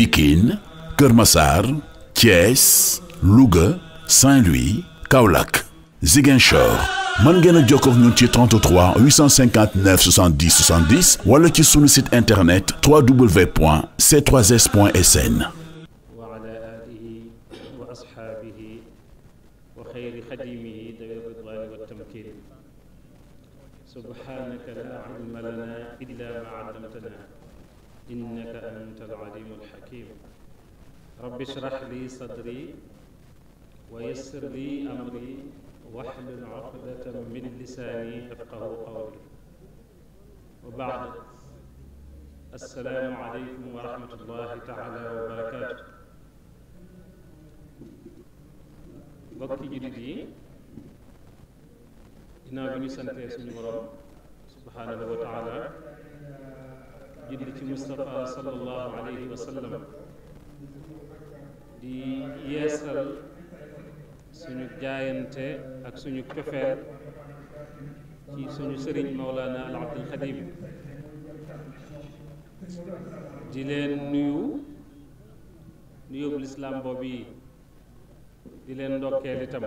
Pikine Kër Massar Thiès Louga Saint-Louis Kaolack Ziguinchor mën ngeen a jokkoo ak ñun ci 33 859 70 70 wala ci sunu site internet www.c3s.sn. سبحانك لا علم لنا إلا ما علمتنا innaka anta al-alimu al-hakim rabbi shrah li sadri wa yassir li amri wahlul uqdatan min lisaani yafqahu qawli wa ba'd assalaamu aleykum wa rahmatullahi taala wa barakaatu mbokki jullit yi ginnaaw bi ñu santee suñu borom subhaanahu wa taala julli ci Moustapha sallallahu alayhi wa di yeesal suñu jaayante ak suñu cofeel ci suñu sëriñ Maulana al Abdul Xadim di leen nuyu nuyóobu lislaam boobu yi di leen ndokkeel itam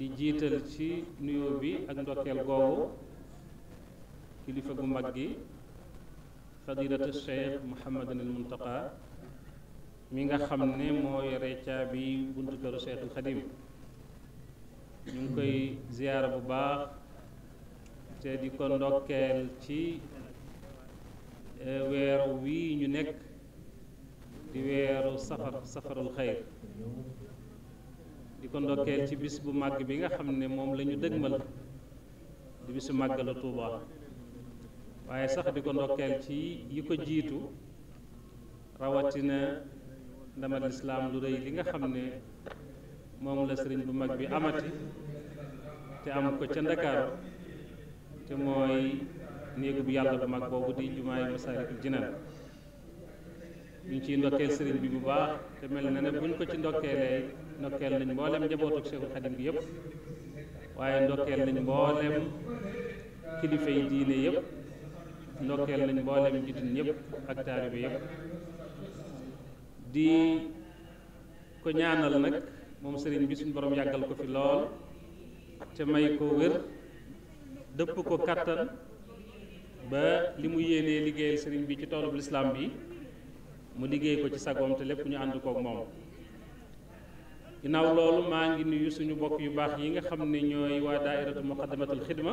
di jiital ci nuyóo bi ak ndokkeel googu kilifa gu mag gi fadilata cheikh Mouhamadan al Muntaqa mi nga xam ne moo yore caabi buntu këru Cheikhul Xadim ñu ngi koy ziyaara bu baax te di ko ndokkeel ci e, weer wii ñu nekk di weeru safar safarul xayr di ko ndokkeel ci bis bu màgg bi nga xam ne moom la ñu dëgmal di bisu màggalu tuuba waaye sax di ko ndokkeel ci yi ko jiitu rawatina ndamal lislaam lu rëy li nga xam ne moom la sëriñ bu mag bi amati te am ko ca Ndakaaru te mooy néegu bu yàlla bu mag boobu di jumaay Masaalikul Jinaan ñu ciy ndokkeel sëriñ bi bu baax te mel na ne buñ ko ci ndokkeelee ndokkeel nañ mboolem njabootu Seexul Xadim bi yëpp waaye ndokkeel nañ mboolem kilifa yi diine yëpp ndokkeel nañ mboolem jullit ñëpp ak taalibe yëpp di ko ñaanal nag moom sëriñ bi suñ borom yàggal ko fi lool te may ko wér dëpp ko kattan ba li mu yéenee liggéeyal sëriñ bi ci toolub lislaam bi mu liggéey ko ci sagoom te lépp ñu ànd kook moom ginnaaw loolu maa ngi nuyu suñu bokk yu baax yi nga xam ne ñooy waa daairatu muqaddamatul xidma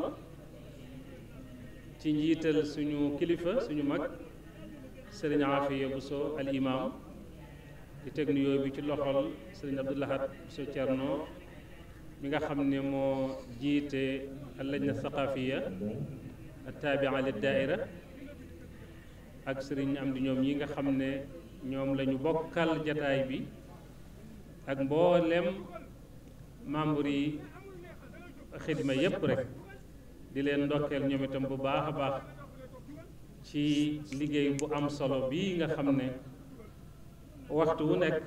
ci njiital suñu kilifa suñu mag sëriñ Afiya Buso al imaam di teg bi ci loxol sëriñ Abdou Lahad Buso Cerno mi nga xam ne moo jiite allajna saqaafiya attaabi'a lid daa'ira ak sëriñ am di ñoom yi nga xam ne ñoom lañu ñu bokkal jataay bi ak mboolem membre yi xidma yépp rek di leen ndokkeel ñoom itam bu baax a baax ci liggéey bu am solo bii nga xam ne waxtu wu nekk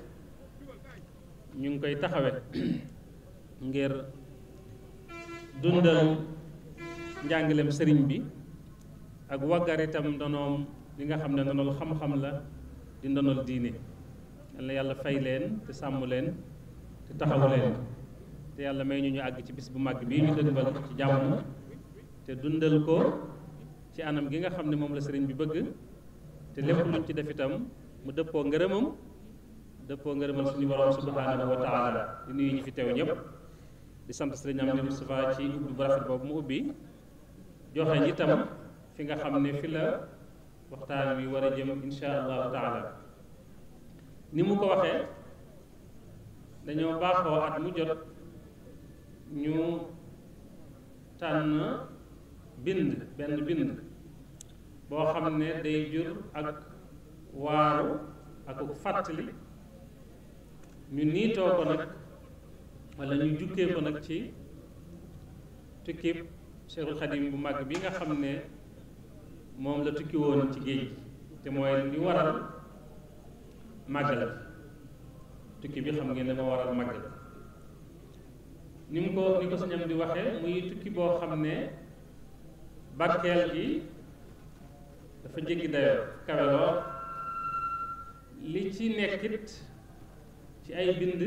ñu ngi koy taxawe ngir dundal njàngaleem sëriñ bi ak waggar itam ndonoom li nga xam ne ndonol xam-xam la di ndonol diine yal na yàlla fay leen te sàmm leen te taxawu leen te yàlla may ñu ñu àgg ci bis bu màgg bii ñu dëgbal ci jàmm te dundal ko ci anam gi nga xam ne moom la sëriñ bi bëgg te lépp luñ ci def itam mu dëppoo ngërëmam dëppoo ngërëmal suñu borom subhanahu wa taala di nuyu ñi fi teew ñëpp di sant sëriñ Amady Moustapha ci ubbi bu rafet boobu mu ubbi joxe itam fi nga xam ne fi la waxtaan wi war a jëm insha allahu taala ni mu ko waxee dañoo baaxoo at mu jot ñu tànn bind benn bind boo xam ne day jur ak waaru ak fàttali ñu niitoo ko nag wala ñu jukkee ko nag ci tukkib Cheikhul Khadim bu mag bi nga xam ne moom la tukki woon ci géej gi te mooy li waral màggal tukki bi xam ngeen ne moo waral màggal ni mu ko ni ko sañam di waxee muy tukki boo xam ne Bakel gi dafa jéggi dayoo kawe lool li ci nekkit ci ay bind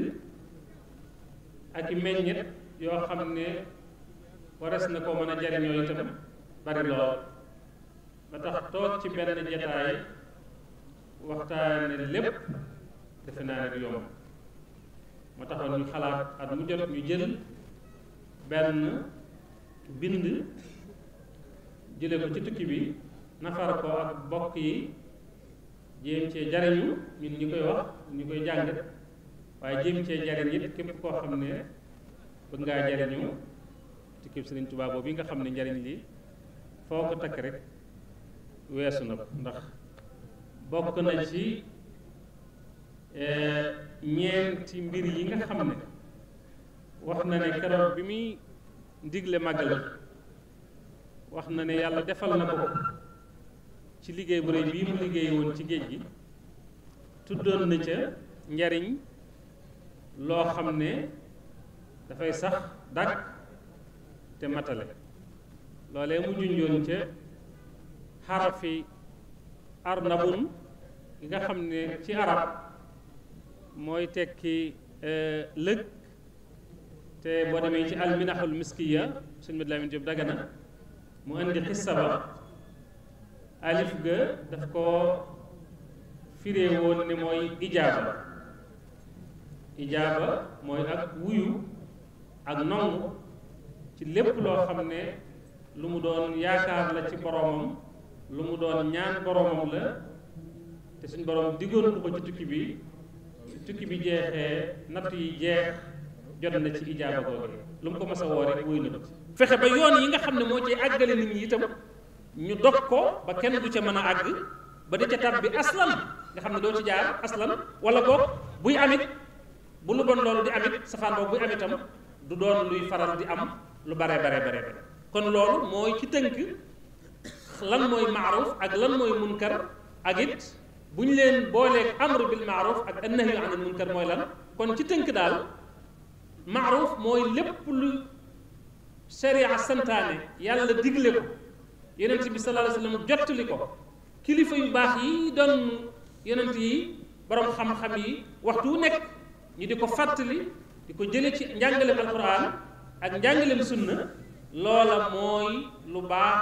ak i meññet yoo xam ne waras na ko mën a jariñoo itam bari lool ba tax toog ci benn jataay waxtaane lépp defe naa ne yomb moo taxoon ñu xalaat at mu ñu jël benn bind jële ko ci tukki bi nafar ko ak bokk yi jéem cee jariñu ñu ñi koy wax ñu koy jàngat waaye jéem cee jariñ it képp koo xam ne bëgg ngaa jariñu tukki Sëriñ Tuubaa boobu yi nga xam ne njariñ li foo ko takk rek weesu na ko ndax bokk na ci e, ñeenti mbir yi nga xam ne wax na ne keroog bi muy digle màggal wax na ne yàlla defal na ko ci liggéey bu rëy bii mu liggéey woon ci géej gi tuddoon na ca njariñ loo xam ne dafay sax dàq te matale loolee mu junjoon ca xarafi arnabun gi nga xam ne ci arab mooy tekki e, lëg te boo demee ci alminaxul miskiya suñ mat laamin Jóob Dagana mu indi xissa ba alif ga daf koo firee woon ne mooy ijaaba ijaaba mooy ak wuyu ak nongu ci lépp loo xam ne lu mu doon yaakaar la ci boromam lu mu doon ñaan boromam la te suñ borom diggoon ko ci tukki bi tukki bi jeexee natt yi jeex jot na ci ijaaba googu lu mu ko mas woo rek wuyu na ko fexe ba yoon yi nga xam ne moo ci àggale nit ñi itam ñu dog ko ba kenn du ca mën a àgg ba di ca tab bi aslan nga xam ne doo ci jaar aslan wala boog buy amit bu lu bon loolu di amit safaan boobu buy amit tam du doon luy faral di am lu bare bare bare bare kon loolu mooy ci tënk lan mooy maaruf ak lan mooy mun munkar ak it bu ñu leen booleeg amru bil maaruf ak annahyu anil munkar mooy lan kon ci tënk daal maaruf mooy lépp lu sharia santaane yàlla digle ko yonent bi sallallahu alayhi wa sallam jottali ko kilifa yu baax yi doon yonent yi borom xam-xam yi waxtu wu nekk ñu di ko fàttali di ko jële ci njàngaleem alquran ak njàngaleem sunna loola mooy lu baax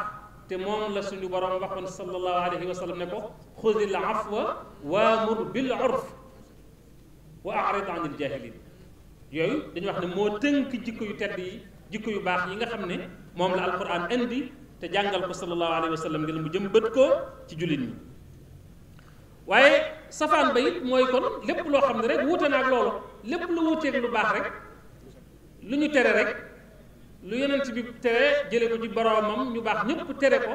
te moom la suñu borom waxoon sallallahu alayhi wa sallam ne ko xudil afwa waamur bil urf wa arid anil jahilin yooyu dañu wax ne moo tënk jikko yu tedd yi jikko yu baax yi nga xam ne moom la alquran indi te jàngal ko sallallahu alayhi wa sallam ngir mu jëm bët ko ci jullit ñi waaye safaan ba it mooy kon lépp loo xam ne rek wuute naa ak loolu lépp lu wuuteeg lu baax rek lu ñu tere rek lu yonent bi tere jële ko ci boroomam ñu baax ñëpp tere ko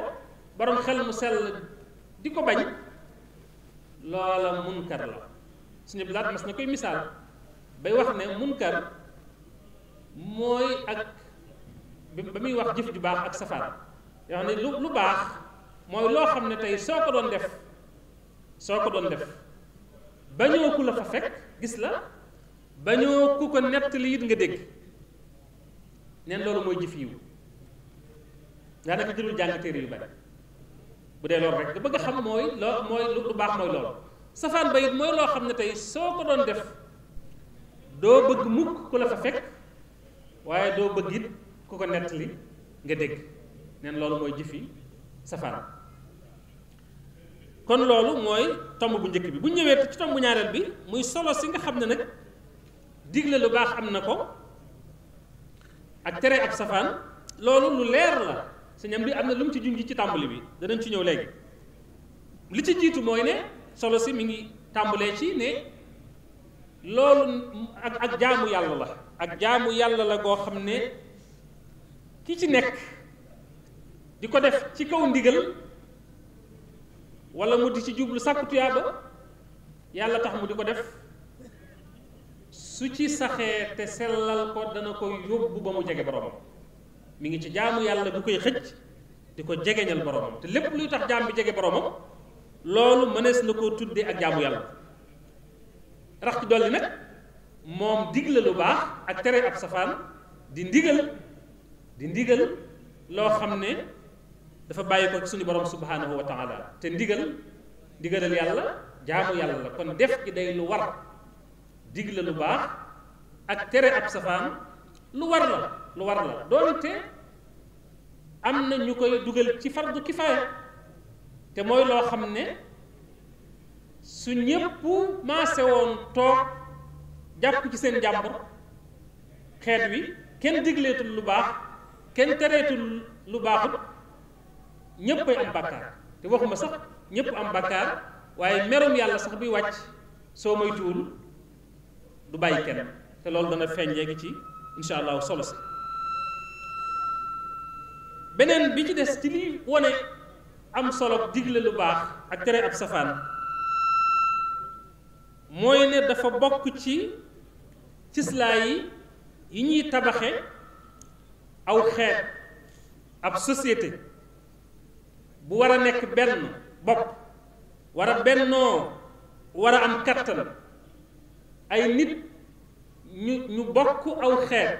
borom xel mu sell di ko bañ loola munkar la suñu blaat mas na koy misaal bay wax ne munkar mooy ak ba muy wax jif ju baax ak safaan yoo xam ne lu lu baax mooy loo xam ne tey soo ko doon def soo ko doon def bañoo ku gis la bañoo ku ko nettali nga dégg neen loolu mooy jëf yiw daanaka jëlul jàng téere yu bu dee loolu rek nga bëgg a xam mooy loo mooy baax mooy loolu safaan ba it loo xam ne tey soo ko doon def doo bëgg mukk ku la fa fekk waaye doo bëgg it ku ko nettali nga dégg neen loolu mooy jëfi safaan kon loolu mooy tomb bu njëkk bi bu ñëwee ci tomb ñaareel bi muy solo si nga xam ne nag digle lu baax am na ko ak tere ak safaan loolu lu leer la sañam li am na lu mu ci junj ci tàmbali bi danañ ci ñëw léegi li ci jiitu mooy ne solo si mi ngi tàmbalee ci ne loolu ak ak jaamu yàlla la ak jaamu yàlla la goo xam ne ki ci nekk di ko def ci kaw ndigal walla mu di ci jublu sàkku tuyaaba yàlla tax mu di ko def su ci saxee te sellal ko dana ko yóbbu ba mu jege boromam mi ngi ci jaamu yàlla bu koy xëcc di ko jegeñal boromam te lépp luy tax jaam bi jege boromam loolu mënees na koo tuddee ak jaamu yàlla rax ci dolli nag moom digle lu baax ak tere ab safaan di ndigal di ndigal loo xam ne dafa bàyyi ko ci suñu borom subhanahu wa taala te ndigal ndigalal yàlla jaamu yàlla la kon def gi day lu war digle lu baax ak tere ak safaan lu war la lu war la doonte am na ñu koy dugal ci far fardu kifaaya te mooy loo xam ne su ñépp maase woon toog jàpp ci seen jàmbur xeet wi kenn digleetul lu baax kenn tereetul lu baaxut ñépp ay am bàkkaar te waxuma sax ñépp am bàkkaar waaye merum yàlla sax buy wàcc soo moytuwul du bàyyi kenn te loolu dana feeñ léegi ci insha allahu solo si beneen bi ci des ci liy wone am solo digle lu baax ak tere ab safaan mooy ne dafa bokk ci cislaa yi yi ñuy tabaxe aw xeet ab société bu war a nekk benn bopp war a bennoo war a am kattan ay nit ñu ñu bokk aw xeet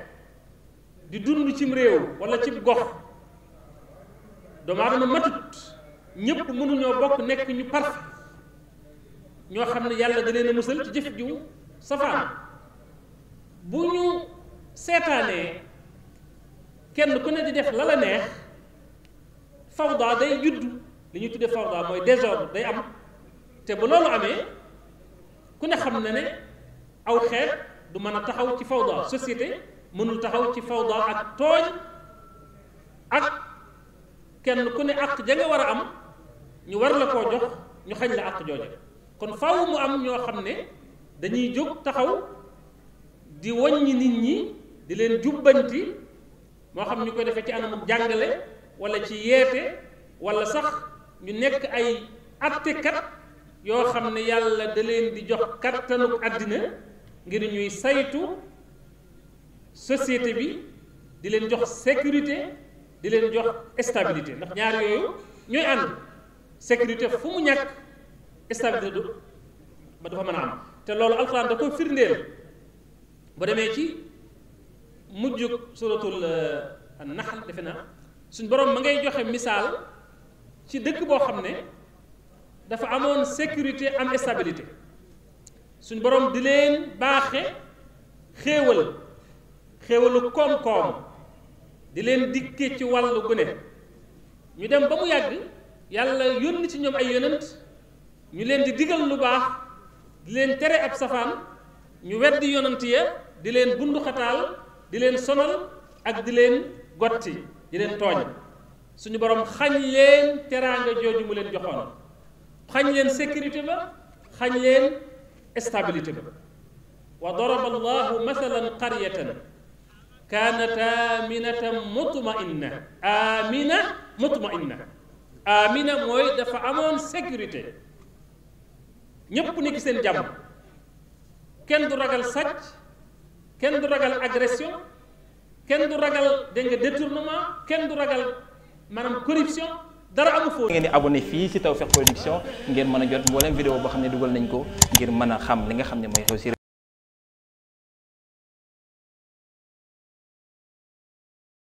di dund cim réew wala cib gox doomu aadama matut ñépp mënuñoo bokk nekk ñu parfait ñoo xam ne yàlla da leen a musal ci jëf ju safaan bu ñu seetaanee kenn ku ne di def lala neex fawda day judd li ñuy tuddee fawda mooy désordre day am te bu loolu amee ku ne xam na ne aw xeet du mën a taxaw ci fawda société mënul taxaw ci fawda ak tooñ ak kenn ku ne àq ja nga war a am ñu war la koo jox ñu xañ la àq jooje kon faaw mu am ñoo xam ne dañuy jóg taxaw di wàññi nit ñi di leen jubbanti moo xam ñu koy defee ci anam jàngale wala ci yeete wala sax ñu nekk ay attekat yoo xam ne yàlla da leen di jox kattanu àddina ngir ñuy saytu société bi di leen jox sécurité di leen jox stabilité ndax ñaar yooyu ñooy ànd sécurité fu mu ñàkk stabilité du ba dafa mën a am te loolu alxuraan da ko firndeel ba demee ci mujjug suratul euh, naxal defe naa suñ borom ma ngay joxe misaal ci dëkk boo xam ne dafa amoon sécurité am stabilité suñ borom di leen baaxe xéewal xéewalu koom-koom di leen dikke ci wàllu gu ñu dem ba mu yàgg yàlla yónni ci ñoom ay yonent ñu leen di digal lu baax di leen tere ab safaan ñu weddi yonent ya di leen bunduxataal di leen sonal ak di leen gotti di leen tooñ suñu borom xañ leen teraanga jooju mu leen joxoon xañ leen sécurité ba xañ leen stabilité ba wa daraba allahu mathalan qaryatan kaanat aminatan mutmainna amina mutmainna amina mooy dafa amoon sécurité ñépp nekk seen jàmm kenn du ragal sàcc kenn du ragal agression kenn du ragal dégg nga détournement kenn du ragal maanaam corruption dara amu foofu. ngeen di abonné fii ci Tawfekh Production ngeen mën a jot mboolem vidéo boo xam ne dugal nañ ko ngir mën a xam li nga xam ne mooy xew rek